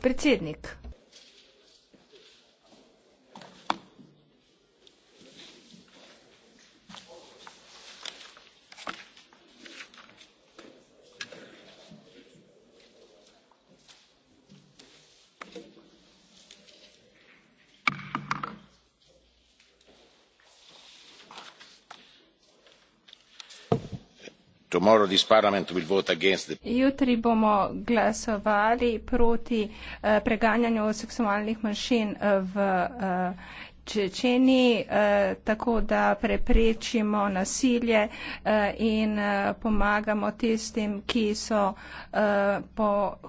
predsednik Jutri bomo glasovali proti eh, preganjanju seksualnih manjšin eh, v eh, Čečeniji, tako da preprečimo nasilje in pomagamo tistim, ki so po